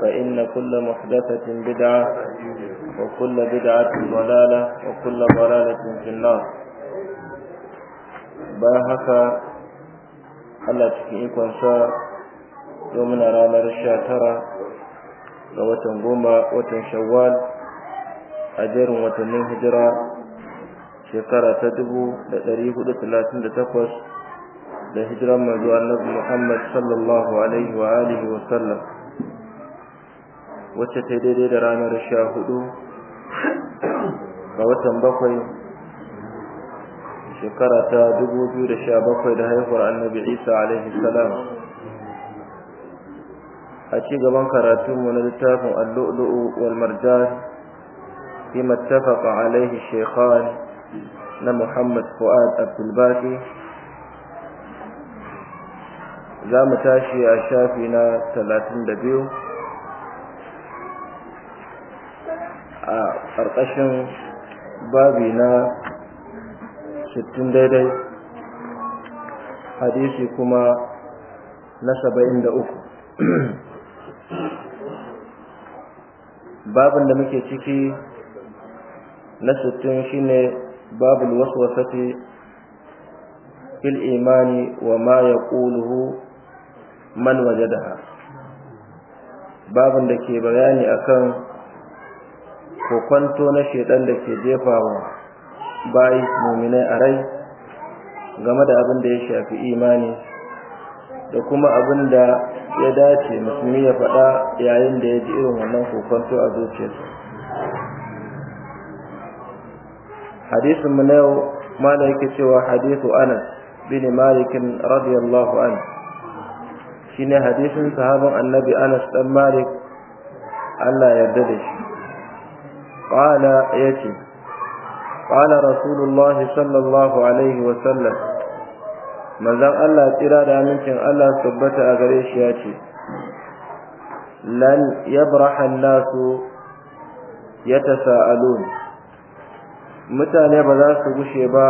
فإن كل محدثة بدعة وكل بدعة ضلالة وكل ضلالة في النار باهك Allah cikin ikon yau muna ranar sha tara ga watan goma shawwal a jerin watannin hijira shekara ta dubu da ɗari hudu talatin da takwas da hijiran Muhammad sallallahu alaihi wa sallam wacce ta daidai da ranar sha hudu ga watan bakwai shekara ta dubu biyu da sha bakwai da haihuwar annabi isa alaihi salam a ci gaban karatunmu na littafin allu'lu'u wal marjan fi mattafaqa alaihi shekhan na muhammad fuad abdulbaki za mu tashi a shafi na talatin da biyu a ƙarƙashin babi na 60 daidai hadisi kuma na 73 babin da muke ciki na 60 ne babul waswasati fil imani wa ma ƙuluhu man waje ha, babin da ke bayani akan ko kwanto na shedan da ke jefa wa bayi muminai a rai game da abin da ya shafi imani da kuma abin da ya dace musulmi ya faɗa yayin da ya ji irin wannan kokonto a zuciyarsa hadisun mu na yau mala yake cewa hadisu anas bin malikin radiyallahu an shine hadisin sahabin annabi anas ɗan malik Allah yarda da shi qala yace qala rasulullahi sallallahu alaihi wa sallam manzon Allah tsira da amincin Allah tabbata a gare shi yace lan yabraha an-nasu yatasaalun mutane ba za su bushe ba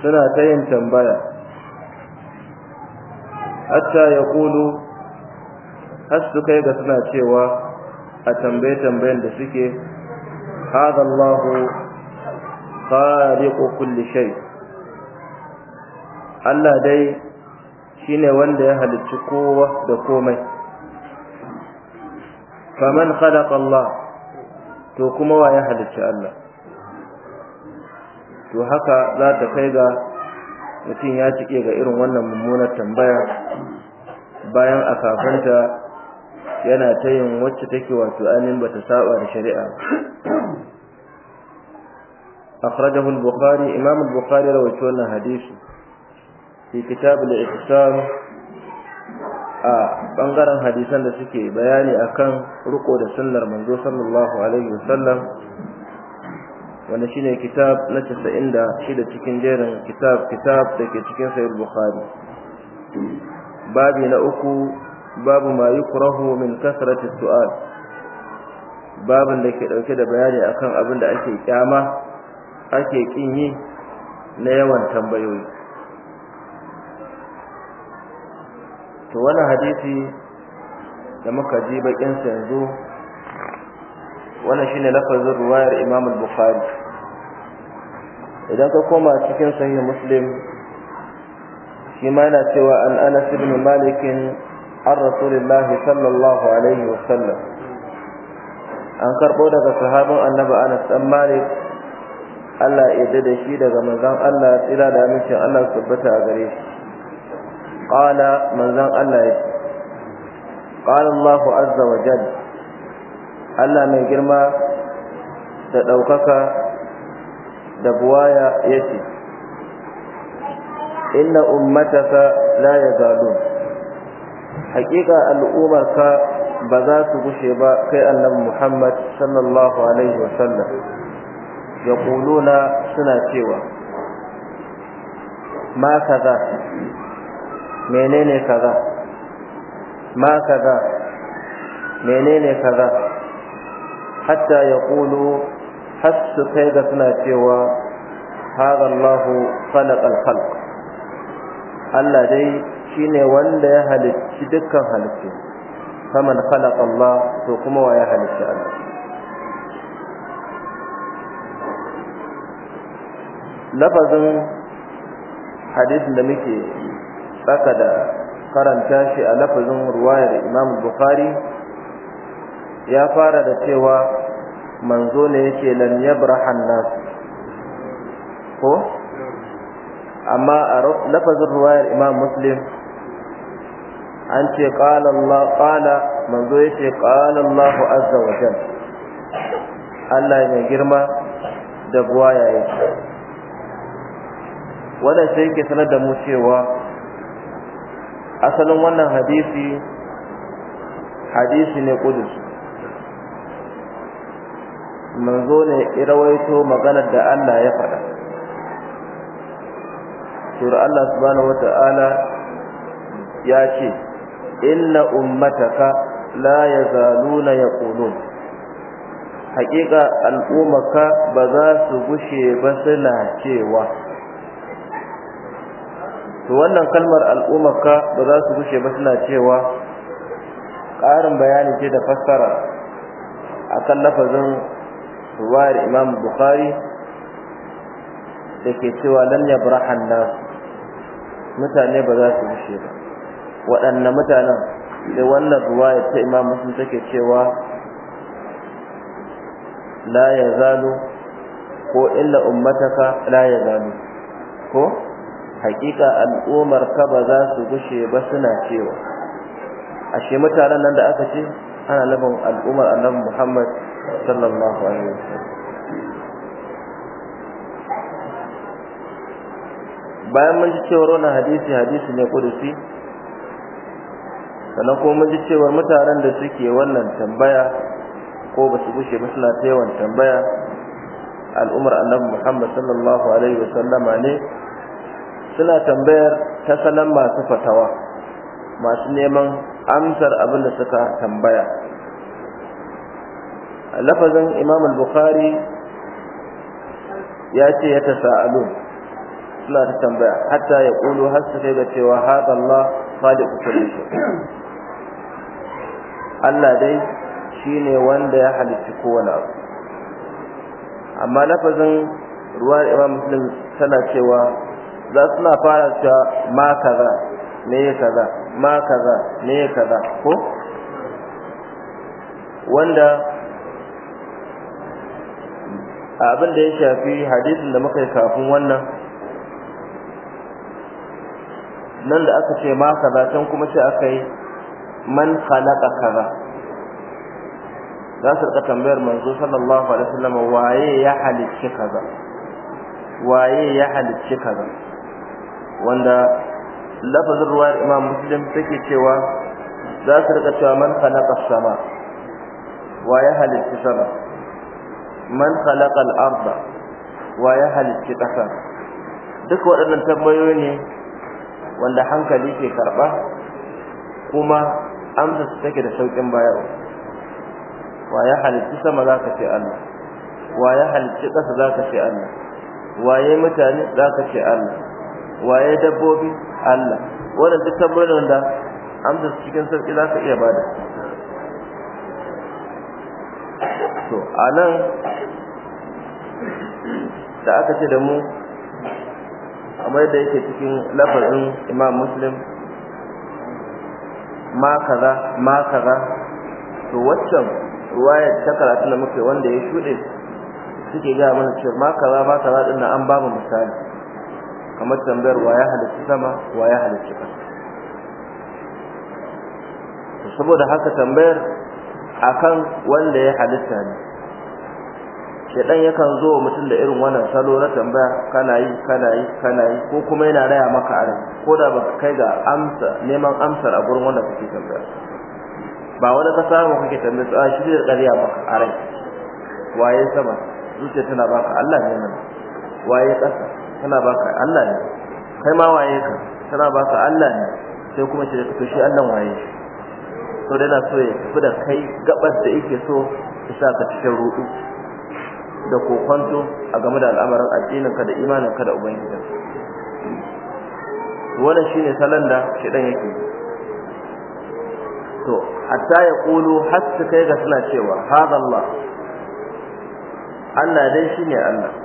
suna ta yin tambaya hatta ya kulu har kai ga suna cewa a tambayi tambayen da suke هذا الله خالق كل شيء Allah dai shine wanda ya halicci kowa da komai faman khalaqa Allah to kuma wa ya halicci Allah to haka za ta kai ga mutum ya cike ga irin wannan mummunar tambaya bayan a yana ta yin wacce take wato anin bata saba da shari'a أخرجه البخاري إمام البخاري رويتونا حديثه في كتاب الإحسان a bangaren hadisan da suke bayani akan riko da sunnar عليه وسلم ونشيني كتاب نتسا shine kitab na 96 cikin jerin kitab kitab da ke cikin sahih bukhari babi na uku babu السؤال babin da ke dauke da bayani akan abin da ake kyama ake kin yi na yawan tambayoyi to wannan hadisi da muka ji bakin sa yanzu wannan shine lafazin ruwayar Imam al-Bukhari idan ka koma cikin sahih Muslim shi ma yana cewa an Anas ibn Malik an Rasulullah sallallahu alaihi wasallam an karbo daga sahabin Annabi Anas dan Malik Allah ya yarda shi daga manzon Allah tsira da amincin Allah su tabbata a gare shi qala manzon Allah ya ce qala Allah azza wa jalla Allah mai girma da daukaka da buwaya yace inna ummataka la yazalun haƙiƙa al'ummarka ba za su gushe ba kai annabi Muhammad sallallahu alaihi wa sallam yaquluna suna cewa ma kaza menene kaza ma kaza menene kaza hatta yaqulu hasu kai ga suna cewa Harallahu Allahu khalq Allah dai shine wanda ya halicci dukkan halittu faman khalaqa Allah to kuma wa ya halicci Allah lafazin hadisin da muke tsaka da karanta shi a lafazin ruwayar imam bukhari ya fara da cewa manzo ne yake lan yabrahan nas ko amma a lafazin ruwayar imam muslim an ce qala Allah qala manzo yake qala Allah azza wa jalla Allah ya girma da buwaya yake wannan sai yake sanar da mu cewa asalin wannan hadisi hadisi ne kudus manzo ne irawaito maganar da Allah ya faɗa sura Allah subhanahu wata'ala ya ce inna ummataka la yazaluna yaqulun haƙiƙa al'ummaka ba za su gushe ba suna cewa to wannan kalmar al'ummarka ba za su gushe ba suna cewa ƙarin bayani ce da fassara a kan lafazin ruwayar imam bukhari da ke cewa lan yabrahan mutane ba za su gushe ba waɗanne mutanen da wannan ruwaya ta imam muslim take cewa la zalu?" ko illa ummataka la yazalu ko hakika al'ummar ka ba za su gushe ba suna cewa ashe mutanen nan da aka ce ana nufin al'ummar annabi Muhammad sallallahu alaihi wasallam bayan mun ji cewar wannan hadisi hadisi ne kudusi sannan kuma mun ji cewar mutanen da suke wannan tambaya ko ba su gushe ba suna ta yawan tambaya al'ummar annabi Muhammad sallallahu alaihi wasallama ne suna tambayar ta salon masu fatawa masu neman amsar abin da suka tambaya lafazin imam al-bukhari ya ce ya tasa'alun suna ta tambaya hatta ya ƙulu har su kai ga cewa haɗa Allah faɗi kusurinsu Allah dai ne wanda ya halicci kowane abu amma lafazin ruwan imam muslim tana cewa za suna fara cewa ma kaza me kaza ma kaza me kaza ko wanda abin da ya shafi hadisin da muka yi kafin wannan nan da aka ce ma kaza can kuma sai aka yi man khalaqa kaza za su rika tambayar manzo sallallahu alaihi wasallam waye ya halicci kaza waye ya halicci kaza wanda lafazin ruwayar imam muslim take cewa za su rika cewa man khalaqa sama wa ya halitta sama man khalaqa al-arda wa ya halitta ƙasa duk waɗannan tambayoyi ne wanda hankali ke karɓa kuma amsa su take da sauƙin bayarwa wa ya halitta sama za ka ce Allah wa ya halitta ƙasa za ka ce Allah waye mutane za ka ce Allah waye dabbobi Allah wannan duk da amsa cikin sauki za ka iya bada to anan da aka ce da mu amma da yake cikin lafazin Imam Muslim ma kaza ma kaza to waccan ruwaya ta karatu da muke wanda ya shuɗe suke ga mana cewa ma kaza ma kaza an ba mu misali kamar tambayar wa ya halitta sama wa ya halitta ƙasa saboda haka tambayar akan wanda ya halitta ne shedan yakan zo wa mutum da irin wannan salo na tambaya kana yi kana yi kana yi ko kuma yana raya maka arin ko da baka kai ga amsa neman amsar a gurin wanda kake tambaya ba wani ka samu kake tambaya tsawon shi zai ƙarya maka arin waye sama zuciya tana baka Allah ne mana waye ƙasa tana baka Allah ne kai ma waye ka tana baka Allah ne sai kuma shi da to shi Allah waye shi to dai na so ya tafi da kai gabar da yake so ya sa ka cikin rudu da kokonto a game da al'amarin addinin ka da imanin ka da ubangiji wannan shine salon da shedan yake to hatta ya kulu har su kai ga suna cewa hadallah Allah dai shine Allah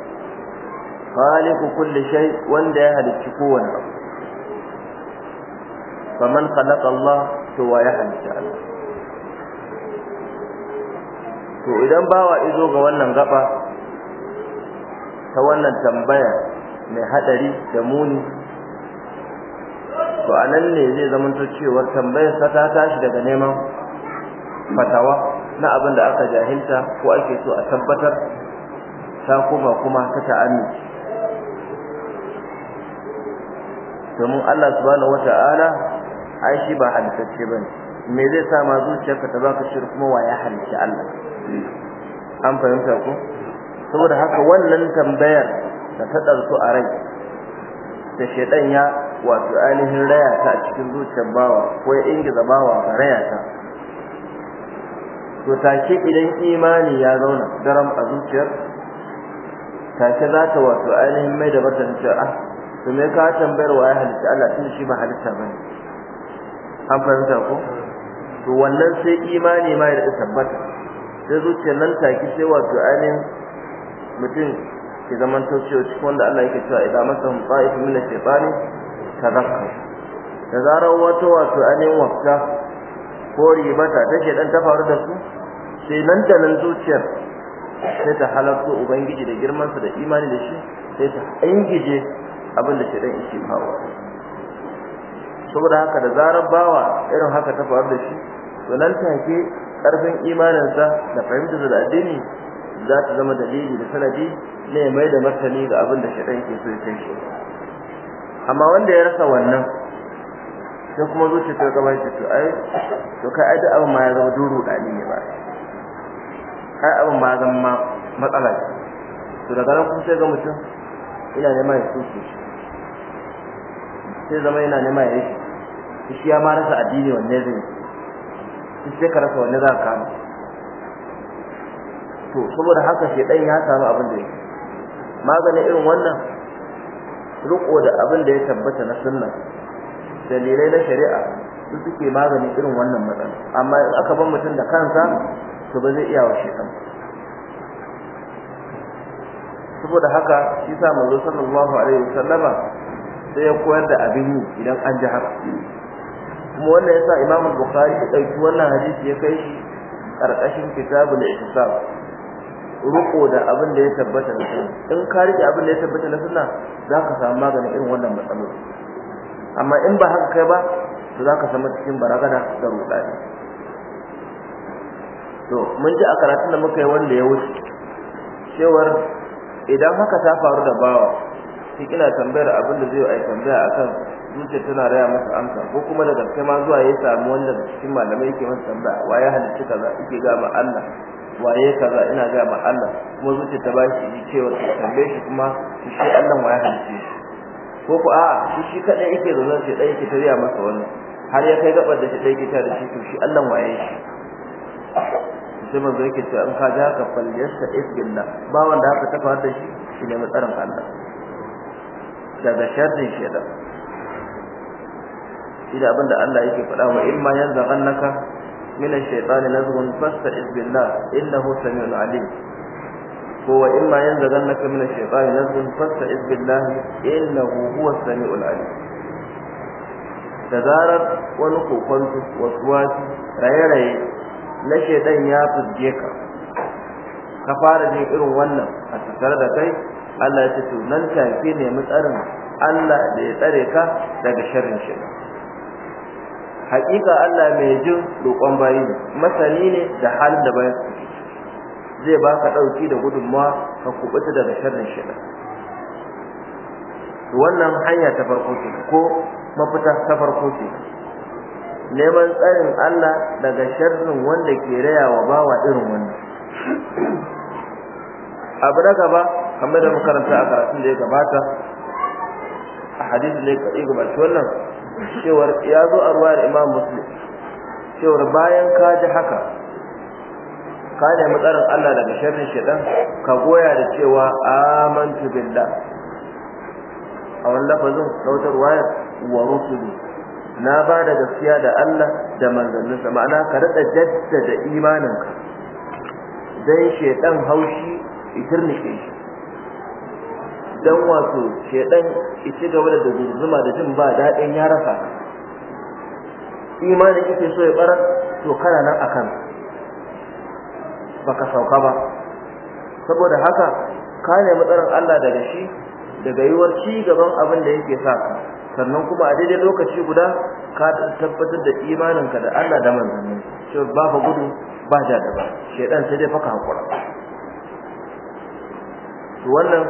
khaliqu kulle shai wanda ya halicci kowane abu faman Allah to wa ya halicci Allah to idan bawa izo ga wannan gaba ta wannan tambaya mai hadari da muni to anan ne zai zamanto cewa tambayar sa ta tashi daga neman fatawa na abin da aka jahilta ko ake so a tabbatar ta kuma kuma ta amince. domin Allah subhanahu wata'ala ai shi ba halittacce bane me zai sa ma zuciyarka ta baka shi kuma wa ya halitta Allah an fahimta ku? saboda haka wannan tambayar da ta ɗarsu a rai da shedan ya wato ainihin raya ta cikin zuciyar bawa ko ya ingiza bawa a raya ta to take idan imani ya zauna daram a zuciyar take za ta wato ainihin mai da martani ah to me ka tambayar wa ya halitta Allah tun shi ba halitta bane an fahimta ko to wannan sai imani ma ya tabbata sai zuciyar nan take sai wato ainihin mutum ke zaman taucewa cikin wanda Allah yake cewa idan masa mutsaif min shaytani tazakkar da zarar wata wato ainihin wafta ko ribata take dan ta faru da su sai nan da nan zuciyar sai ta halarta ubangiji da girmansa da imani da shi sai ta ingije abin da shaidan yake kawo saboda haka da zarar bawa irin haka ta faru da shi to nan take karfin imaninsa da fahimtar da addini za ta zama dalili da sanadi ne mai da martani ga abin da shaidan yake so ya shi amma wanda ya rasa wannan sai kuma zuci ta gaba shi, to ai to kai ai da abin ma ya zama duru da ne ba Kai abin ma zama matsala to daga nan kuma sai ga mutum ina nema ya tsuke shi sai zama yana nema ya yi shi ya ma rasa addini wanne zai yi sai ka rasa wanne za ka kama to saboda haka dan ya samu abin da yake maganin irin wannan riko da abin da ya tabbata na sunna dalilai na shari'a su suke maganin irin wannan matsala amma in aka bar mutum da kansa to ba zai iya wa shedan saboda haka shi sa manzo sallallahu alaihi wasallama sai ya koyar da abin yi idan an ji haka kuma wannan yasa Imam Bukhari ya dauki wannan hadisi ya kai shi karkashin kitabul ihsab ruko da abin da ya tabbata na sunna in ka rike abin da ya tabbata na sunna zaka samu maganin irin wannan matsaloli amma in ba haka kai ba to zaka samu cikin baragada da rudani to mun ji a karatun da muka yi wanda ya wuce cewar idan haka ta faru da bawa shi kina tambayar abin da zai yi tambaya akan zuciya tana raya masa amsa ko kuma da kai ma zuwa ya samu wanda cikin malamai yake masa tambaya wa ya halicci kaza yake ga ma Allah waye kaza ina ga ma Allah kuma zuciya ta bashi shi cewa tambaye shi kuma shi Allah wa ya halicce shi ko ko a shi shi kadai yake zaune shi dai yake tariya masa wannan har ya kai gabar da shi dai yake ta da shi to shi Allah waye shi sai manzo yake cewa in ka ji haka falyasta isbillah ba wanda haka ta faru da shi shi ne matsarin Allah daga sharrin shedan shi da abinda Allah yake faɗa wa in ma yanzu annaka min ash-shaytani nazghun fasta'id billah innahu samiul alim ko wa in ma yanzu annaka min ash-shaytani nazghun fasta'id billah innahu huwa samiul alim da zarar wani kokon wasu wasu raye-raye na shedan ya fuzge ka ka fara jin irin wannan a tattare da kai Allah ya ce nan take ne mu tsarin Allah da ya tsare ka daga sharrin shi haƙiƙa Allah mai jin roƙon bayi masani ne da halin da bayan zai baka ɗauki da gudunmawa ka kubuta daga sharrin shi wannan hanya ta farko ce ko mafita ta farko ce neman tsarin Allah daga sharrin wanda ke raya wa bawa irin wani. abu na gaba kamar da makaranta a karatun da ya gabata a hadisin da ya gabata wannan cewar ya zo a ruwa da imam muslim cewar bayan ka ji haka ka nemi tsarin Allah daga sharrin shaidan ka goya da cewa amantu billah a wani lafazin sautar wayar wa ne. na ba da gaskiya da Allah da manzanninsa ma'ana ka rada jaddada imaninka dan shedan haushi itirnike shi dan wato shedan ci gaba da zuzuma da jin ba daɗin ya rasa imanin kike so ya barar to kana nan akan baka sauka ba saboda haka ka nemi tsaron Allah daga shi daga yiwuwar ci gaban abin da yake sa ka sannan kuma a daidai lokaci guda ka tabbatar da imaninka da Allah da manzanni cewa ba fa gudu ba ja da ba shedan sai dai faka hakura to wannan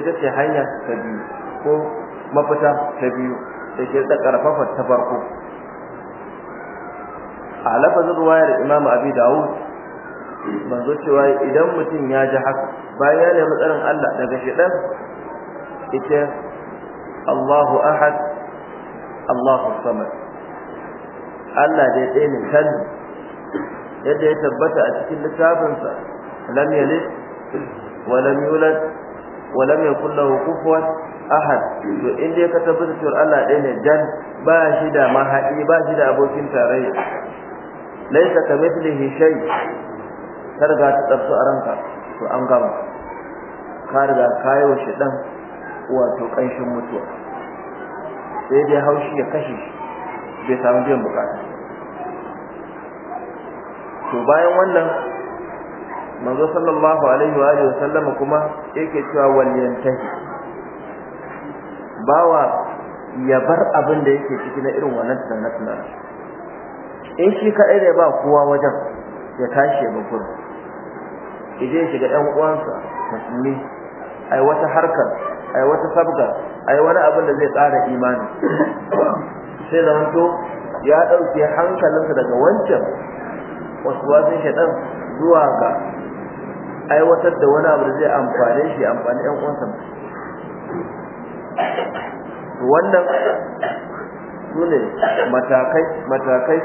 ita ce hanya ta biyu ko mafita ta biyu da ke da karfafa ta farko a lafazin ruwayar imam abi dawud manzo cewa idan mutum ya ji haka bayan ya matsarin Allah daga shedan ita Allahu ahad Allahu samad Allah dai ɗaya ne yadda ya tabbata a cikin littafinsa lam yalid wa lam yulad wa lam ahad Do in dai ka tabbata cewa Allah ɗaya ne jan ba shi da mahaɗi ba shi da abokin tarayya laisa ka mithlihi ka riga ta a ranka an gama ka riga ka yi shi ɗan wato ƙanshin mutuwa sai dai haushi ya kashe bai samu biyan bukata to bayan wannan manzo sallallahu alaihi wa alihi kuma yake cewa wal yantahi bawa ya bar abin da yake ciki na irin wannan tunanin in shi kaɗai da ba kowa wajen ya tashi ya bukur ije ya shiga ɗan uwansa musulmi ai wata harkar ai wata sabga ai wani abin da zai tsara imani sai zamanto ya ɗauke hankalinsa daga wancan wasu wasan shaɗan zuwa ga aiwatar da wani abu da zai amfane shi amfani ɗan uwansa wannan su ne matakai matakai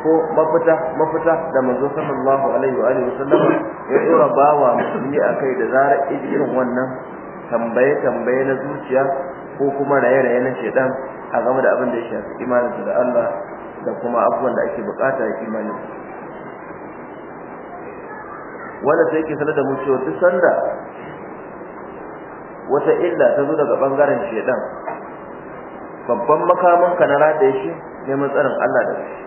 ko mafita mafita da manzo sallallahu alaihi wa alihi wasallama ya dora bawa musulmi akai da zarar irin wannan tambaye tambaye na zuciya ko kuma raye-raye na shedan a game da abin da ya shafi imanin da Allah da kuma abubuwan da ake bukata a imanin wanda sai ke sanar da mu cewa duk sanda wata illa ta zo daga bangaren shedan babban makamin ka na rada shi neman tsarin Allah da shi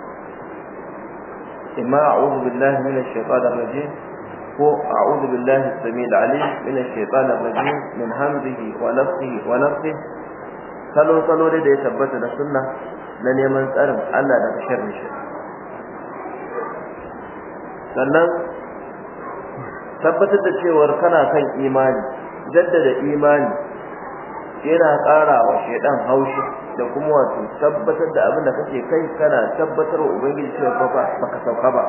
imma a'udhu billahi minash shaitanir rajim Ko أعوذ بالله السميع العليم من الشيطان الرجيم من همزه ونفسه ونفسه salo salo da ya tabbata da sunna na neman tsarin Allah daga sharri shi sannan tabbatar da cewa kana kan imani jaddada imani yana ƙara wa shaidan haushi da kuma wato tabbatar da abin da kake kai kana tabbatar wa ubangiji cewa ba ka sauka ba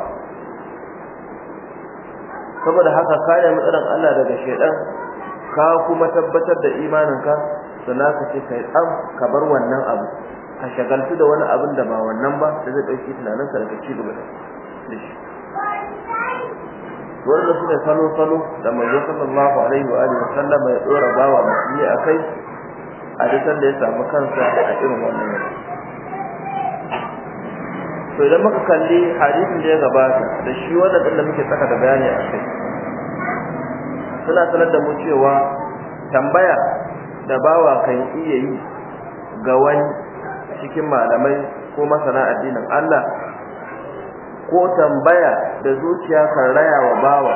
saboda haka ka nemi irin Allah daga shedan ka kuma tabbatar da imaninka sannan ka ce kai am ka bar wannan abu ka shagaltu da wani abin da ba wannan ba da zai dauki tunanin ka daga cigaba da shi su sune salo salo da manzo sallallahu alaihi wa alihi sallama ya dora bawa musulmi akai a dukkan da ya samu kansa a irin wannan yanayi to idan muka kalli hadisin da ya gabata da shi wannan din da muke saka da bayani a kai suna sanar da mu cewa tambaya da bawa kan iya yi ga wani cikin malamai ko masana addinin Allah ko tambaya da zuciya kan raya wa bawa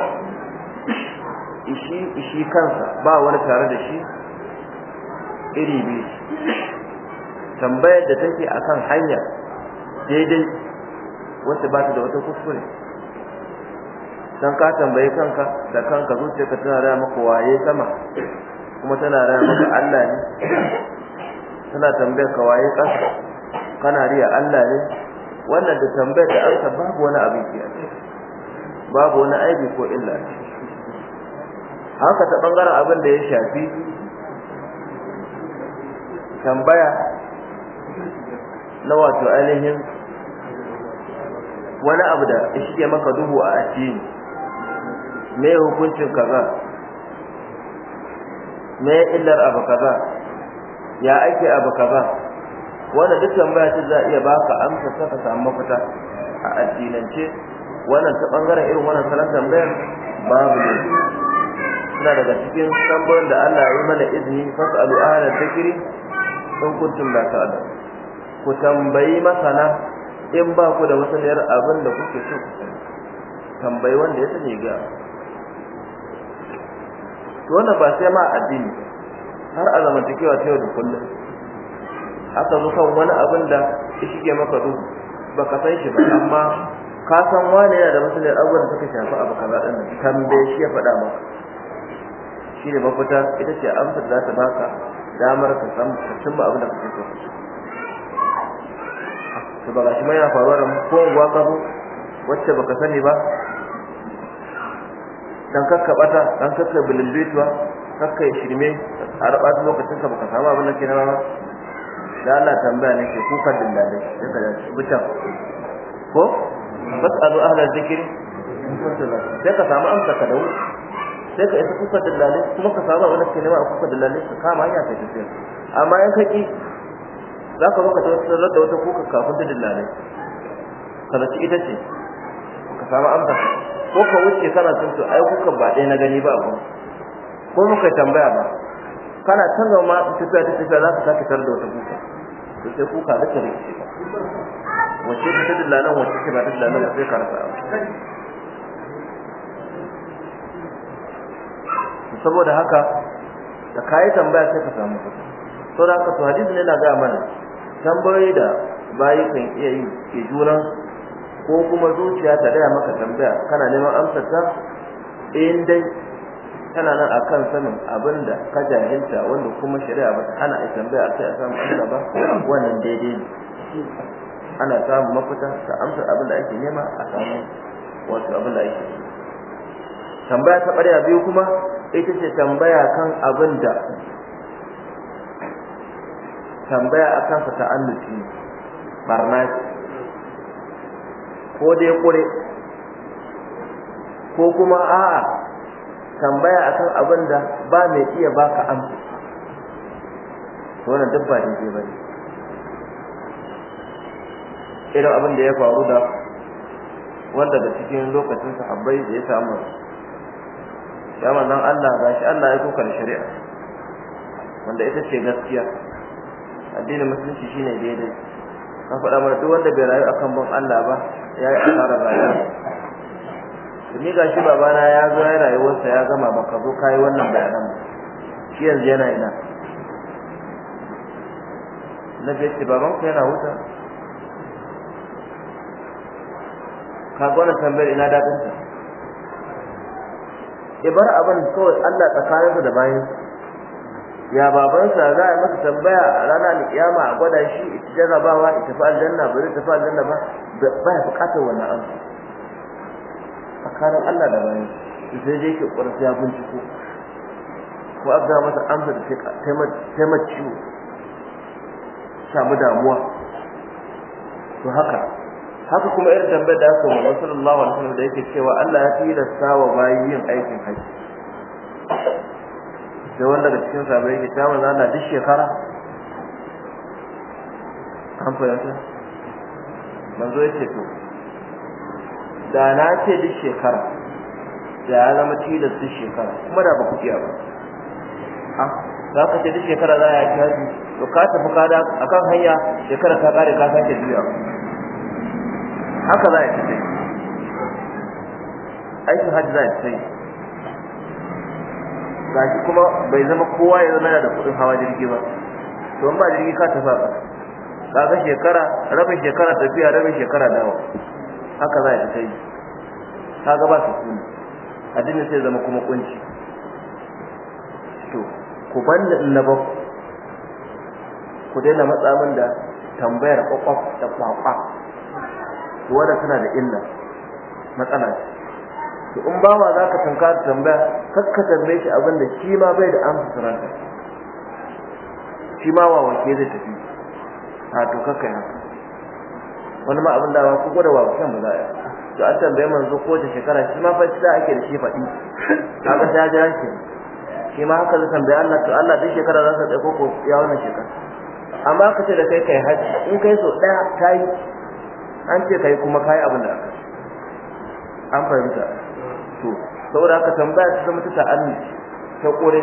ishi ishi kansa ba wani tare da shi iri biyu tambayar da take akan hanya daidai wacce ba ta da wata kuskure dan ka tambayi kanka da kanka ka tana raya maka waye sama kuma tana raya maka Allah ne tana tambayar ka waye kasa kana riya Allah ne wannan da tambayar da amsa babu wani abin ki babu wani aibi ko illa haka ta bangaren abin da ya shafi tambaya na wato ainihin wani abu da shi maka duhu a addini me hukuncin kaza me illar abu kaza ya ake abu kaza wanda duk tambaya ta za iya baka amsa saka samu mafita a addinance wannan ta bangaren irin wannan salon tambayar babu ne suna daga cikin tambayar da Allah ya yi mana izini fas'alu ahla dhikri in kuntum la ta'lamun ku tambayi masana in ba ku da masaniyar abin da kuke so ku sani tambayi wanda ya sani ga wannan ba sai ma addini har a zamantakewa ta yau da kullum aka zo kan wani abin da ya shige maka duhu ka san shi ba amma ka san wani yana da masaniyar abubuwan da suka shafi abu kaza din nan tambaye shi ya faɗa maka shi ne mafita ita ce amsar da za ta baka damar ka san ka cimma abin da kake so to ba gashi ma yana faruwa da kowa ka zo wacce baka sani ba dan kakkabata dan kakkai bilimbetuwa kakkai shirme a raba lokacin ka baka samu abin da ke na da Allah tambaya nake ku kan dindade sai ka ji bucan ko fasalu ahla zikri sai ka samu amsa ka dawo sai ka isa kuka dindade kuma ka samu abin da ke na ba kuka dindade ka kama hanya ta tafi amma yan kaki ki za ka baka tarar da wata kuka kafin ta dillalai kalaci ita ce ka samu amsa ko ka wuce kana sun to ai kuka ba ɗaya na gani ba abu ko muka tambaya ba kana canza ma tafiya ta tafiya za ka sake tarar da wata kuka to sai kuka da ta rikice ba wace ta dillalan wace ta ba ta dillalan sai ka rasa saboda haka da kayi tambaya sai ka samu kuɗi to da haka to hadisi ne na ga mana tambayoyi da bayi kan iya yi ke juna ko kuma zuciya ta daya maka tambaya kana neman amsar ta in eh, dai kana nan akan sanin abin da ka jahilta wanda kuma shari'a ba ana a tambaya a kai a samu amsa ba wannan daidai ne ana samun mafita ta amsar abin da ake nema a samu wato abin da ake tambaya ta ɓarya biyu kuma ita ce tambaya kan abin da tambaya a kansa ta'annuci barna ko dai kure ko kuma a'a tambaya akan abin da ba mai iya baka amsa wannan dabba ba daidai bane irin abin da ya faru da wanda da cikin lokacin sahabbai da ya samu ya manzon Allah gashi Allah ya kokar shari'a wanda ita ce gaskiya addinin musulunci shine daidai ka faɗa mana duk wanda bai rayu akan bin Allah ba ya yi asara rayuwa. ni ga shi babana ya zo ya rayuwarsa ya gama ka zo ka yi wannan bayanan ba shi yanzu yana ina na bai ce ka yana huta ka gwada tambayar ina daɗinta ya Ibar abin kawai Allah tsakaninsa da bayansa ya babansa za a masa tambaya a ranar alkiyama a gwada shi ita jarrabawa ita fa aljanna ba zai tafi aljanna ba ba ya bukatar wannan amsa tsakanin Allah da bayan sai je ki ƙwarfi ya binciko ko abda masa amsa da taimar ciwo samu damuwa to haka haka kuma irin tambayar da aka wa sallallahu alaihi wasallam da yake cewa Allah ya tilasta wa bayin aikin haji Da wanda daga cikin sabai ke ta manzo na duk shekara an fahimta manzo yake to da na ce duk shekara da ya zama tilas duk shekara kuma da ba ku kiya ba a za ka ce duk shekara za a yi haji to ka tafi ka da akan hanya shekara ta kare ka sake biya haka za a yi tafi aikin haji za a yi tafi Ga shi kuma bai zama kowa ya zama da kudin hawa jirgi ba to ba jirgi ka tafi ba kaga shekara rabin shekara tafiya rabin shekara dawo haka za a ita yi kaga ba su kuma addinin sai zama kuma kunci to ku banda in na ba ku daina matsa min da tambayar kwakwaf da kwakwa wanda tana da illa matsala ce to in ba ma za ka tanka da tambaya kakka tambaye shi abin da shi ma bai da amsa saranta shi ma wa wake zai tafi a to kakka yi haka wani ma abin da ba ku gwada wawaken ba za a yi to an tambaye manzo ko ta shekara shi ma fashi a ke da shi faɗi ka ta jiran shi shi ma haka zai tambaye Allah to Allah duk shekara za ta tsaye ko ya wannan shekara amma ka ce da kai kai haji in kai so ɗaya ta yi an ce kai kuma yi abin da aka an fahimta to saboda haka tambaya ta zama ta annu ta kore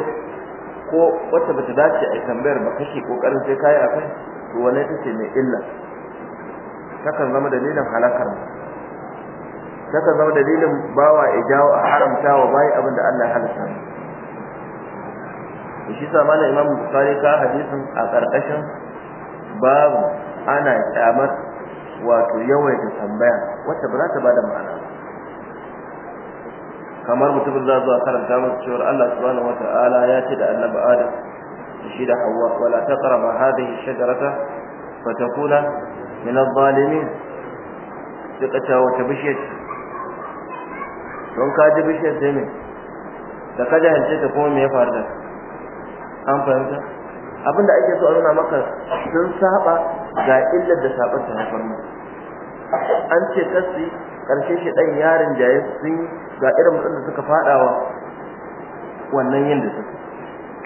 ko wacce bata dace a tambayar ba kake kokarin sai kai akai to ta tace mai illa takan zama dalilin halakar takan zama dalilin bawa ya jawo a haramta wa bai abin da Allah ya halatta shi sa malam Imam Bukhari ka hadisin a karkashin babu ana kyamar wato yawaita tambaya wacce ba za ta bada ma'ana kamar mutumin za zuwa karanta musu cewar Allah subhanahu wata'ala ya ce da annabi Adam shi da Hawwa wala taqrabu hadhihi shajarata fatakuna min adh-dhalimin suka ta wata bishiyar don ka ji bishiyar sai ne da ka jahilce ta kuma me ya faru da an fahimta abinda ake so a nuna maka sun saba ga illar da sabon ta haifar maka an ce tasi karshe shi dan yarin jaye sun ga irin matsalar da suka fadawa wannan yin da suka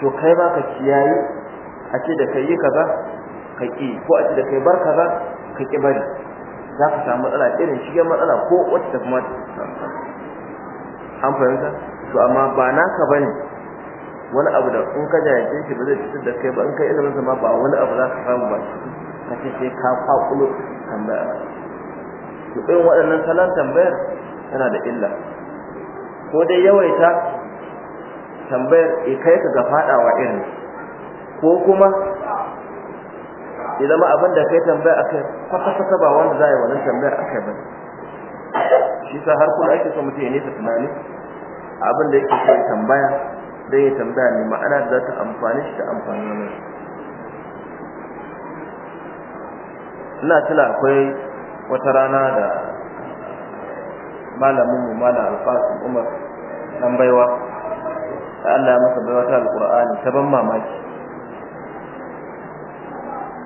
to kai ba ka kiyaye a ce da kai yi kaza ka ki ko a ce da kai bar kaza ka ki bari za ka samu matsala irin ga matsala ko wacce ta kuma an fahimta to amma ba naka bane wani abu da in ka jayace shi ba zai fitar da kai ba in kai ilimin sa ba wani abu za ka samu ba ka ce sai ka kwakulo tambaya to irin waɗannan salon tambayar yana da illa ko dai yawaita tambayar e kai ka ga fadawa irin ko kuma ya zama abin da kai tambaya akai kwata-kwata ba wanda za a yi wannan tambayar akai ba shi sa har kuma ake so mutum ya nesa tunani abin da yake so ya tambaya zai ya tambaya ne ma'ana da za ta amfani shi ta amfani wani ina tuna akwai wata rana da malamin mu malam alfasin umar dan baiwa da Allah masa baiwa ta alqur'ani ta ban mamaki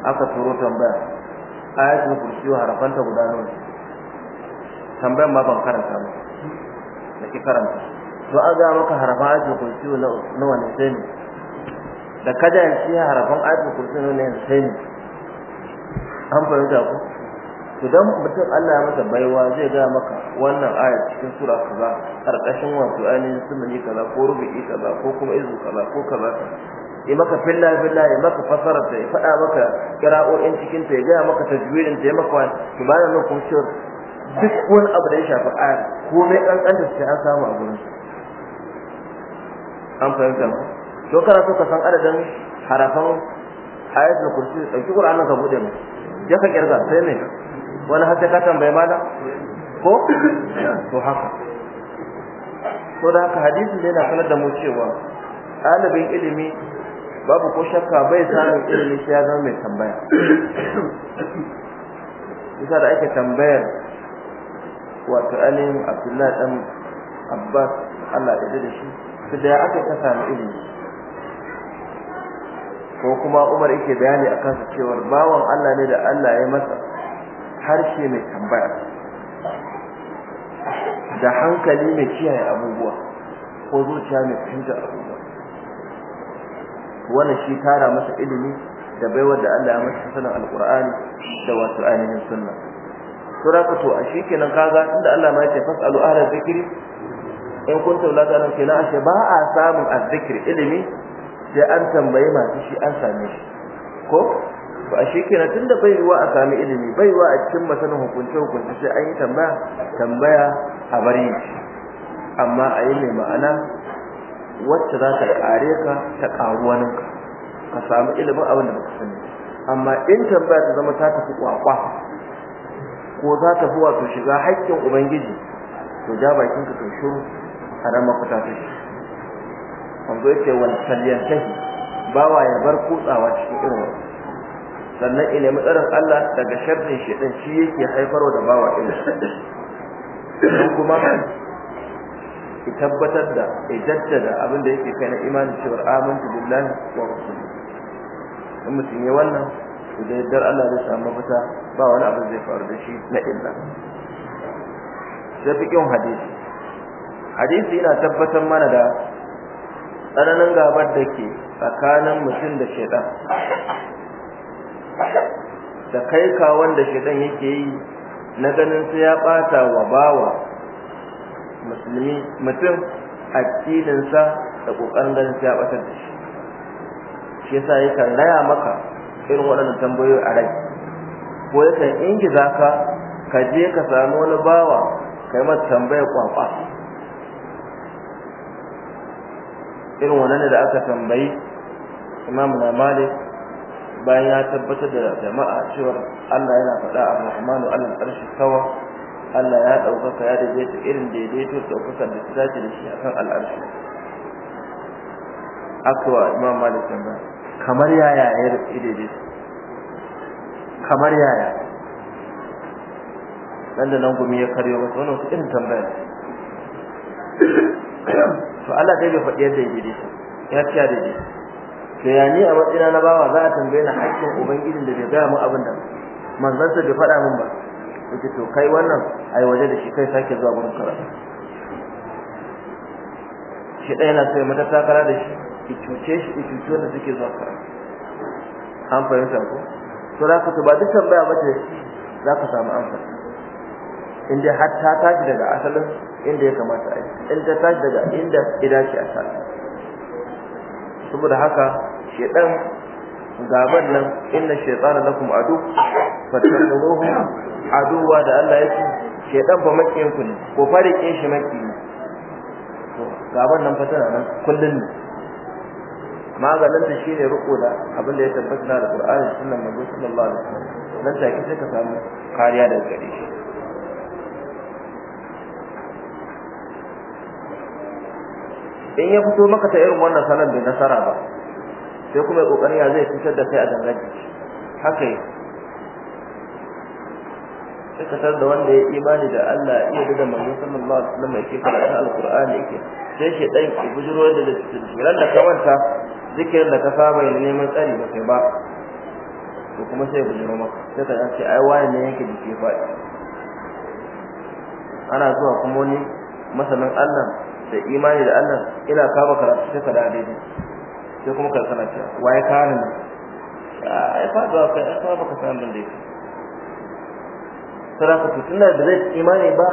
aka turo tambaya ayatul kursi harafanta guda nawa tambayan ma ban karanta ba da ki karanta to a ga maka harafan ayatul kursi nawa ne sai ne da kada shi harafan ayatul kursi nawa ne sai ne an fahimta ku idan mutum Allah masa baiwa zai ga maka wannan aya cikin sura kaza karkashin wato ainihin sumuni kaza ko rubu'i kaza ko kuma izu kaza ko kaza yi maka filla filla ya maka fasara ta yi faɗa maka kira'o'in cikin ta ya ga maka tajwidin ta ya maka to bayan nan kuma shi duk wani abu da ya shafi aya komai kankanta sai an samu a gurin an fahimta ku to kana so ka san adadin harafan ayatul kursi dauki qur'anin ka bude mu ya ka kirga sai ne wani haka ka tambaye mana ko ko haka Ko da haka hadisin da yana sanar da mu cewa ɗalibin ilimi babu ko shakka bai samun ilimi sai ya zama mai tambaya isa da ake tambayar wato alim abdullahi dan abbas allah da da shi su da ake ka samu ilimi ko kuma umar yake bayani a kansa cewar bawan allah ne da allah ya masa harshe mai tambaya da hankali mai kiyaye abubuwa ko zuciya mai fahimtar abubuwa wannan shi tara masa ilimi da baiwar da Allah ya masa sanin alqur'ani da wasu ainihin sunna suratu da ku to a shikenan kaga inda Allah ma yake fasalu ahla zikri in kuntum la ta'lamun kenan ashe ba a samun azzikri ilimi sai an tambaye masu shi an same shi ko to ashe kenan tunda bai yiwa a sami ilimi bai yiwa a cikin masanin hukunce hukunce sai an yi tambaya tambaya a bari amma a yi mai ma'ana wacce za ta kare ka ta karu wani ka samu ilimin abin da baka sani amma in tambaya ta zama ta tafi kwakwa ko za ta fi wato shiga haƙƙin ubangiji to ja bakin ka to shiru a ran mafita ta shi wanzu yake wani ba bawa ya bar kutsawa cikin irin wani sannan ina mai tsarin Allah daga sharrin din shi yake haifarwa da bawa shi kuma ki tabbatar da ya jaddada abin da yake kai na imanin cewar amintu billahi wa rasuluhu in mutum ya wannan idan yaddar Allah zai samu mafita ba wani abin zai faru da shi na illa sai fikin hadisi hadisi yana tabbatar mana da tsananin gabar da ke tsakanin mutum da shaidan da kai ka wanda shedan yake yi na ganin sai ya bata wa bawa musulmi mutum sa da kokarin ganin ya bata da shi shi yasa yakan raya maka irin waɗannan tambayoyi a rai ko yakan ingiza ka ka je ka samu wani bawa kai masa tambayar kwakwa irin wannan da aka tambayi imam malik bayan ya tabbatar da jama'a cewa Allah yana faɗa a Rahmanu Allah karshe kawa Allah ya ɗaukaka ya daidaita irin daidaito ɗaukakar da ta dace da shi akan al'arshi akwa Imam Malik ba kamar yaya ya rufe daidaito kamar yaya nan da nan gumi ya karyo ba wannan su irin tambaya to Allah dai bai faɗi yadda ya daidaito ya fiya daidaito to a matsina na bawa za a tambaye ni haƙƙin ubangiji da bai gaya mu abin da manzansa bai faɗa min ba yake to kai wannan ai waje da shi kai sake zuwa gurin karatu shi ɗaya na sai ya mata takara da shi ki cuce shi ki cuce wanda suke zuwa karatu an fahimta ko to za ku ba duk tambaya ba ce za ka samu amsa inda har ta tashi daga asalin inda ya kamata a yi in ta tashi daga inda ya dace a saboda haka shedan gaban nan inna shaytana lakum adu adu wa da Allah yake shedan fa makiyin ku ne ko farike shi maki gaban nan fa tana nan kullun maganin shi shine riko da abin da ya tabbata da Qur'ani sunnan manzo sallallahu alaihi wasallam dan take sai ka samu kariya daga gare shi in ya fito maka ta irin wannan sanar bai nasara ba sai kuma ya kokari ya zai cutar da kai a dangane haka yi sai ka da wanda ya imani da Allah iya da manzo sallallahu alaihi wasallam yake karanta alqur'ani yake sai shi dan ki bujuro da zikirin da ka wanta zikirin da ka saba yana neman tsari ba kai ba to kuma sai bujuro maka sai ka ce ai wani ne yake jiki faɗi. ana zuwa kuma wani masanin Allah da imani da Allah ina kama karatu sai ka da daidai sai kuma ka kana cewa waye ka ni ai fa da ah, kai ai fa baka san ban dai ku fitina da zai imani ba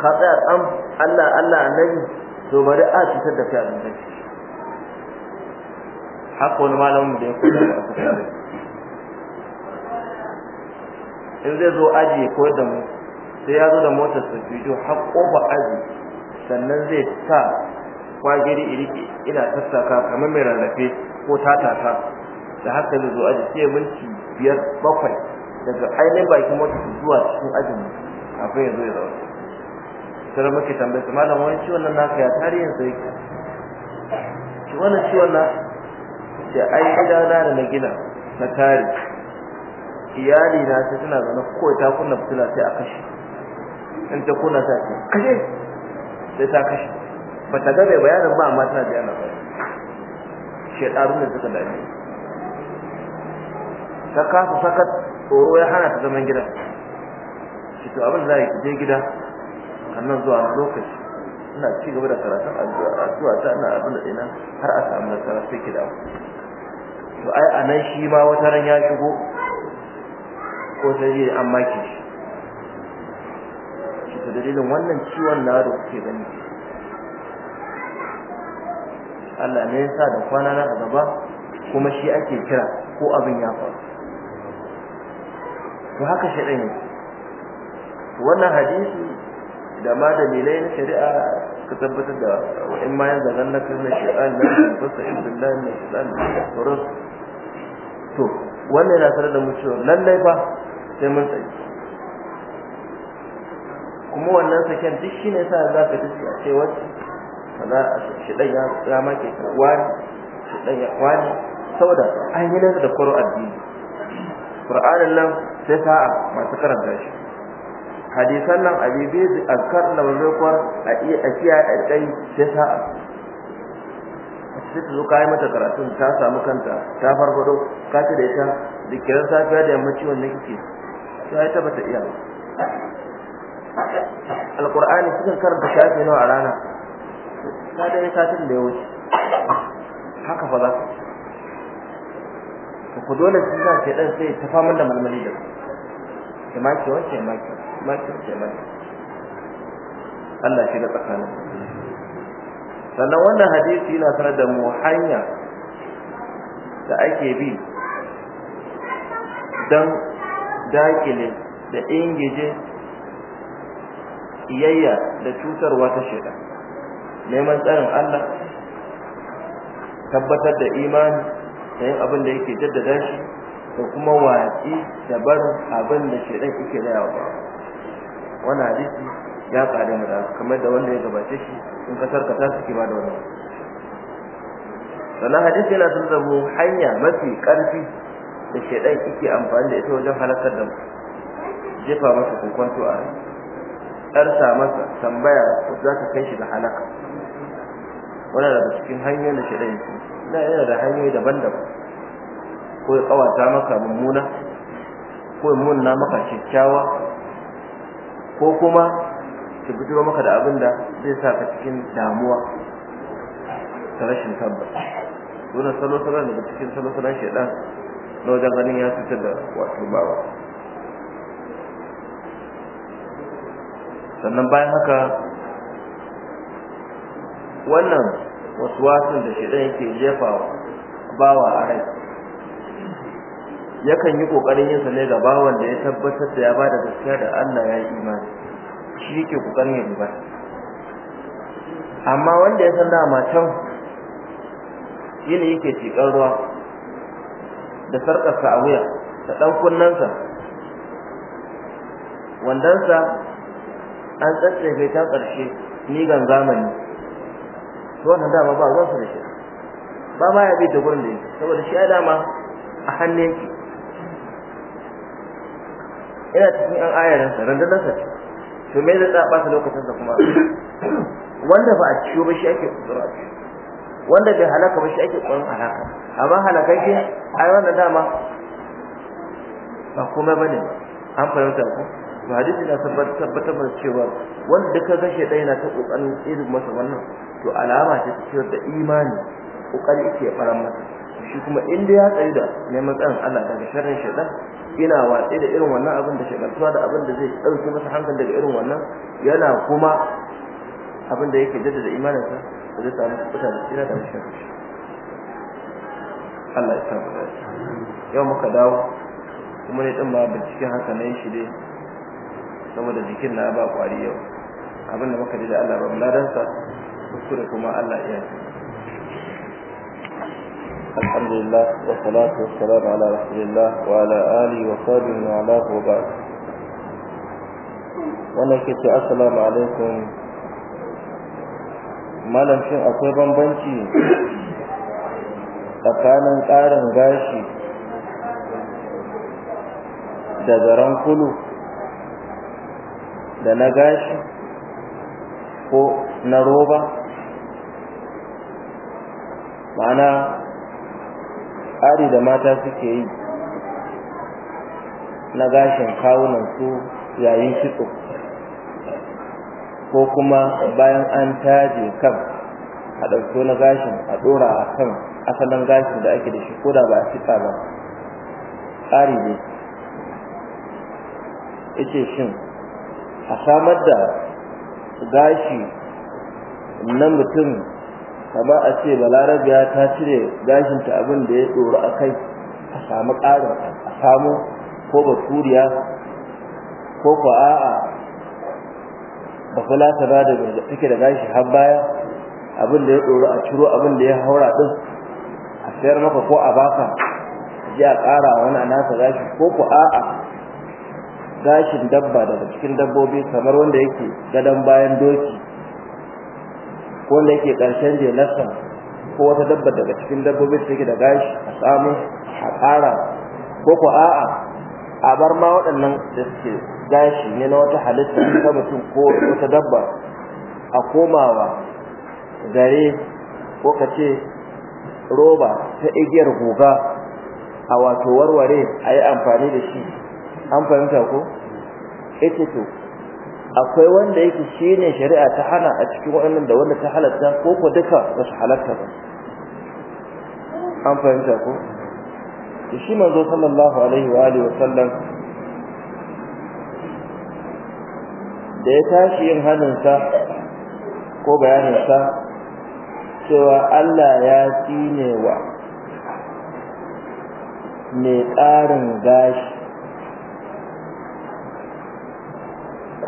ka tsaya dan Allah Allah annabi to bari a cutar da kai a duniya haka wani malamin da ya da ku in zai zo aji ko koyar da mu sai ya zo da motar sa bidiyo hakko ba aji sannan zai sa kwage da irike ina tattaka kamar mai rarrafe ko tataka da haka zai zo aji sai mulki biyar bakwai daga ainihin bakin mota zuwa cikin ajin kafin ya zo ya zauna sai muke tambaye su malam wani ciwon nan naka ya tarihin yanzu ki shi wannan ciwon nan ce ai gidana da na gina na tari iyali na sai suna zaune ko ta kunna fitila sai a kashe in ta kunna ta ce kashe sai ta kashe ba ta gane bayanin ba amma tana bayanin ba Shekaru da suka dace ta su saka tsoro ya hana ta zaman gida shi to abin za ki je gida kannan zuwa lokaci ina ci gaba da karatun addu'a ta ina abin da ina har a samu nasara sai da to ai anan shi ma wata ran ya shigo ko sai dai an maki shi to dalilin wannan ciwon na da kuke gani Allah ne ya da kwana na a gaba kuma shi ake kira ko abin ya faru to haka shaidan ne. wannan hadisi da ma milai na shari'a ka tabbatar da wa'in ma yanzu zan na shi shaidan na fasa ne na shaidan da sauran to wannan yana tare da mu cewa lallai ba sai mun tsaki kuma wannan saken duk shi ne za ka tafi a ce wacce kaza shi dan ya ya make wani shi dan ya wani saboda an yi da koro addini qur'anin nan sai sa'a masu karanta shi hadisan nan da azkar na wazakwar a iya a kiya a kai sai sa'a sai ta zo kayi mata karatun ta samu kanta ta farfado ka ce da ita kiran safiya da yammaci wannan kike sai ta bata iya alqur'ani cikin karanta shafi nawa a rana ka dare satin da ya wuce haka fa za ka ku dole sun sa sai dan sai ta faman da malmali da ya maki wace ya maki maki wace ya maki Allah shi da tsakanin sannan wannan hadisi yana sanar da mu hanya da ake bi don dakile da ingije iyayya da cutarwa ta shaitan neman tsarin Allah tabbatar da imani da yin abin da yake jaddada shi da kuma watsi da bar abin da shaidan yake da yawa wani hadisi ya kare mu da kamar da wanda ya gabace shi in kasar ka ta suke ba da wannan sannan hadisi yana zama hanya mafi karfi da shaidan yake amfani da ita wajen halakar da mu jefa masa kokonto a ɗarsa masa tambaya za ka kai shi da halaka wannan daga cikin hanyoyi da shirin yake na yana da hanyoyi daban-daban ko ya kawata maka mummuna ko ya munna maka kyakkyawa ko kuma ta fito maka da abin da zai sa ka cikin damuwa ta rashin tabbas wannan salo-salon daga cikin salo-salon shaidan na wajen ganin ya fitar da wato bawa sannan bayan haka wannan wasan da shaidan yake jefa bawa a rai yakan yi kokarin yin sa ne ga bawan da ya tabbatar da ya da gaskiya da Allah ya yi imani shi yake kokarin yin ba. amma wanda ya san dama can yini yake cikin ruwa da sarkarsa a wuya da dan kunnansa wandansa an kai ta ƙarshe ni gan zamani to wannan dama ba su da shi ba ma ya bi ta gurin da yi. saboda shi a dama a hannun yake ina cikin an ayarinsa randunarsa ce to me zai tsaba ta da kuma wanda ba a ciwo ba shi ake tsoro a ciyo wanda bai halaka ba shi ake tsoron halaka amma halakakke ai wannan dama ba komai bane ba an fahimta ku to hadisi na tabbatar mana cewa wanda ka gashe ɗaya na ta kokarin irin masa wannan to alama ce ta cewa da imani kokari yake fara masa shi kuma inda ya tsari da neman tsarin Allah daga sharrin shaitan ina watsi da irin wannan abin da tuwa da abin da zai ɗauke masa hankali daga irin wannan yana kuma abin da yake jaddada imaninsa da zai samu kuta da tsira da mashirin Allah ya samu da yau muka dawo kuma ne ɗin ma binciken haka na yin shi dai saboda jikin na ba kwari yau abinda muka ji da Allah ba muladansa kuskure kuma Allah iya الحمد لله والصلاة والسلام على رسول الله وعلى آله وصحبه وعلى وبعد wannan ke ce assalamu alaikum malam shin akwai bambanci tsakanin ƙarin gashi da zaren kulu da na gashi ko na roba ma'ana ƙari da mata suke yi na gashin kawunan su yayin kitso ko kuma bayan an taje kan a ɗauko na gashin a ɗora a kan asalin gashin da ake da shi ko da ba a fita ba ƙari ne ita shin a samar da gashi na mutum kama a ce balarabiya ta cire gashinta abin da ya tsoro a kai a samu ƙarin a samu ko baturiya ko ko a'a ba kula ta ba da take da gashi har baya abin da ya tsoro a ciro abin da ya haura din a sayar maka ko a baka ji a ƙara wani nasa gashi ko ko a'a gashin dabba daga cikin dabbobi kamar wanda yake gadon bayan doki ko wanda yake ƙarshen jelarsa ko wata dabba daga cikin dabbobi da take da gashi a samu a ko ko a'a a bar ma waɗannan da suke gashi ne na wata halitta ta mutum ko wata dabba a komawa gare ko ka ce roba ta igiyar goga a wato warware a yi amfani da shi an fahimta ko yace to akwai wanda yake shine shari'a ta hana a cikin wannan da wanda ta halatta ko ko duka ba su halatta ba an fahimta ko shi manzo sallallahu alaihi wa alihi wa sallam da ya tashi yin sa ko bayanin sa, cewa Allah ya wa. mai ƙarin gashi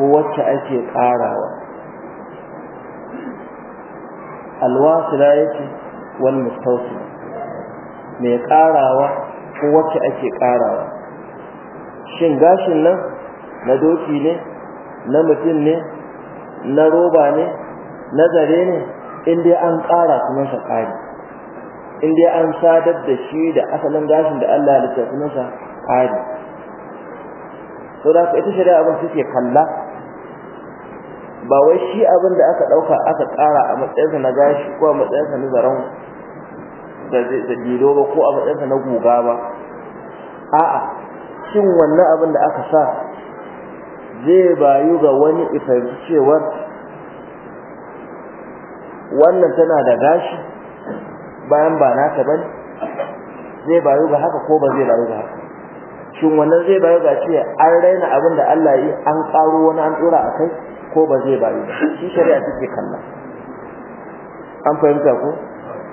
ko wacce ake ƙarawa alwasila yake wal mustawsila mai ƙarawa ko wacce ake ƙarawa shin gashin nan na doki ne na mutum ne na roba ne na zare ne in dai an ƙara kuma sa kari in dai an sadar da shi da asalin gashin da Allah ya kuma sa kari ƙari da ita shari'a abin ke kalla ba wai shi abin da aka ɗauka aka ƙara a matsayinsa na gashi ko a matsayinsa na zaren da dilo ba ko a matsayinsa na guga ba a'a shin wannan abin da aka sa zai bayu ga wani ifahimci cewar wannan tana da gashi bayan ba naka bane zai bayu ga haka ko ba zai bayu ga haka shin wannan zai bayu ga cewa an raina abin da Allah ya yi an ƙaro wani an tsora a kai ko ba zai bayu ba shi shari'a take kalla an fahimta ko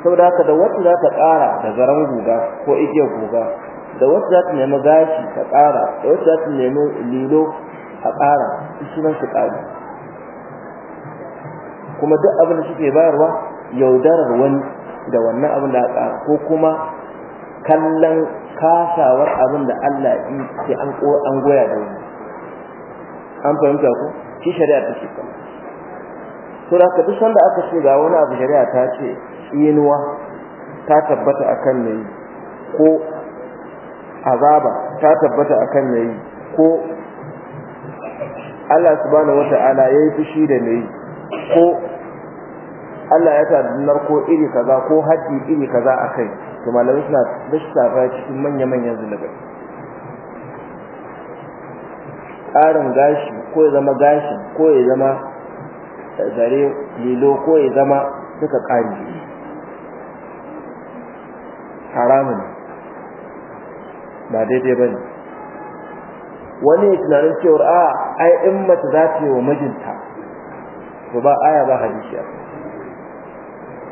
saboda haka da wata za ta ƙara da zaren guga ko igiyar guga da wata za ta nemi gashi ta ƙara da wata za ta nemi lilo a ƙara nan su ƙari kuma duk abin da suke bayarwa yaudarar wani da wannan abin da aka ko kuma kallon kasawar abin da Allah ya yi an goya da wani an fahimta ko shi shari'a ta ce kuma. to ka duk sanda aka ce ga wani abu shari'a ta ce inuwa ta tabbata akan ne ko azaba ta tabbata akan ne ko Allah subhanahu wata'ala yayi fushi da ne ko Allah ya ta ko iri kaza ko haddi iri kaza akai to malamai suna lissafa cikin manya-manyan zulubai ƙarin gashi ko ya zama gashi ko ya zama eh, zare lilo ko ya zama duka ƙari haramun ba daidai ba ne wani ya tunanin cewar a ai in mace za ta yi wa mijinta to ba aya ba hadisi a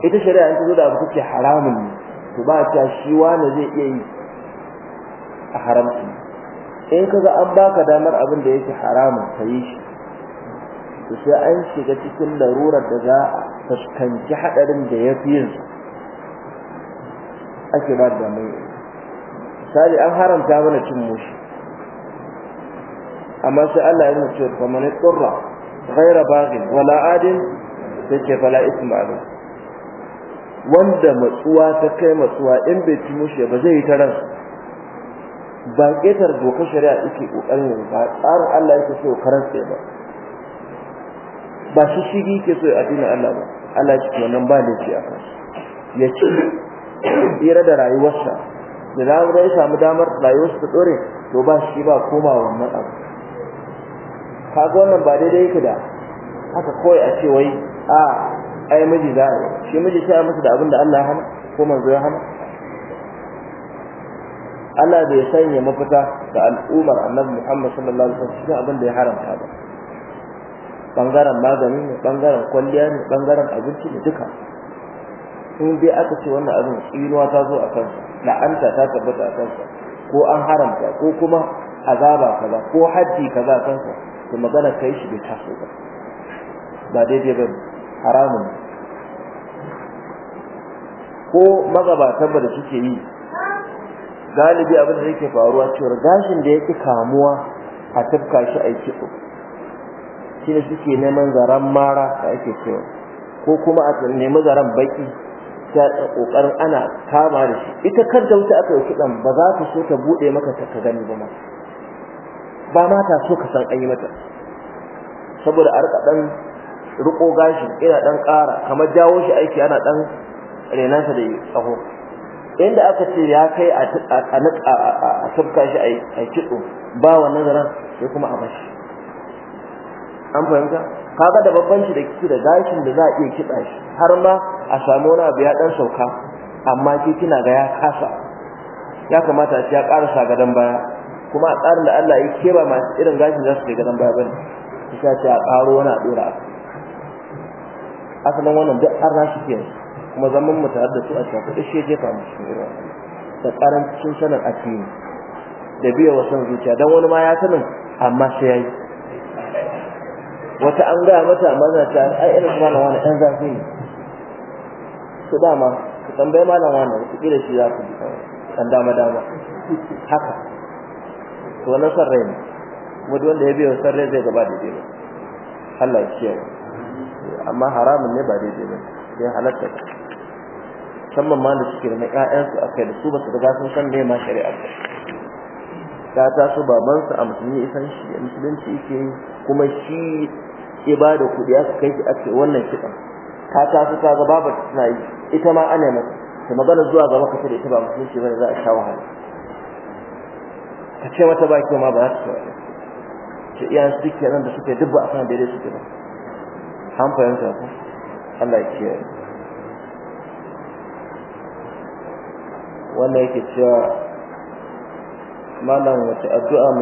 ita shari'a in ta zo da abu take haramun ne to ba ta shi wani zai iya yi a haramci in kaga an baka damar abin da yake haramun ka yi shi to sai an shiga cikin larurar da za a fuskanci hadarin da ya fi yin ake ba da mai misali an haramta mana cin mushi amma sai Allah ya ce fa man tsurra ghayra baghin wala adin sai ke fala isma wanda matsuwa ta kai matsuwa in bai ci mushi ba zai yi ta ransa ba ƙetar dokar shari'a yake ƙoƙarin yanzu ba tsarin Allah yake so karan tsaye ba ba shi shigi yake so ya dina Allah ba Allah yake wannan ba da a aka ya ci tsira da rayuwarsa da zamu ya samu damar rayuwarsa ta tsore to ba shi ba koma wannan abu kaga wannan ba daidai yake da haka kawai a ce wai a ai miji za shi miji sai masa da abin da Allah ya hana ko manzo ya hana Allah ya sanya mafita ga al'ummar annabi Muhammad sallallahu alaihi wasallam abin da ya haramta ba bangaren magani ne bangaren kwalliya ne bangaren abinci ne duka in dai aka ce wannan abin tsinuwa ta zo a kansa la'anta ta tabbata a kansa ko an haramta ko kuma azaba kaza ko haddi kaza a kansa to magana kai shi bai taso ba ba daidai ba haramun ko magabatan da suke yi galibi abin da yake faruwa cewa gashin da yake kamuwa a tafka shi a kitso shi ne suke neman zaren mara da ake cewa ko kuma a nemi zaren baki ta kokarin ana kama da shi ita kanta wuta aka yi kitsan ba za ta so ta buɗe maka ta ka gani ba ma ba ma ta so ka san ayi mata saboda a rika dan riko gashin ina dan kara kamar jawo shi aiki ana dan renansa da tsaho inda aka ce ya kai a nika a shi a kitso ba wannan zaren sai kuma a bashi an fahimta kaga da babban shi da kitso da gashin da za a iya kitsa shi har ma a samu wani abu ya dan sauka amma ke kina ga ya kasa ya kamata a ya karasa gadan baya kuma a tsarin da Allah ya keba masu irin gashin za su kai gadon baya bane sai ce a karo wani a dora asalin wannan duk na shi kenan kuma zaman mu tare da su a da shi jefa mu shi ruwa da karancin sanin addini da biya wa san zuciya dan wani ma ya sanin amma sai yayi wata an gaya mata maza ta ai irin kuma na wani dan zafi ne su dama ka tambaye malam wani ku kira shi za ku dan dama dama haka to na sarre ne mu wanda ya biya san rai zai gaba da dai Allah ya kiyaye amma haramun ne ba daidai ba sai halatta musamman ma da suke da na ƴaƴansu a kai da su ba su riga sun san me ma shari'a ba ta taso babansa a musulmi isan shi a musulunci yake kuma shi ya ba da kuɗi aka kai shi ake wannan kiɗan ta taso ta ga babar suna yi ita ma ana mata ta magana zuwa maka ta da ita ba musulunci ba da za a sha wahala ka ce mata ba ke ma ba za ta ce ta iyayen su duk nan da suke dubba a kan daidai suke ba an fahimta ku Allah ya kiyaye wannan yake cewa malam wace addu'a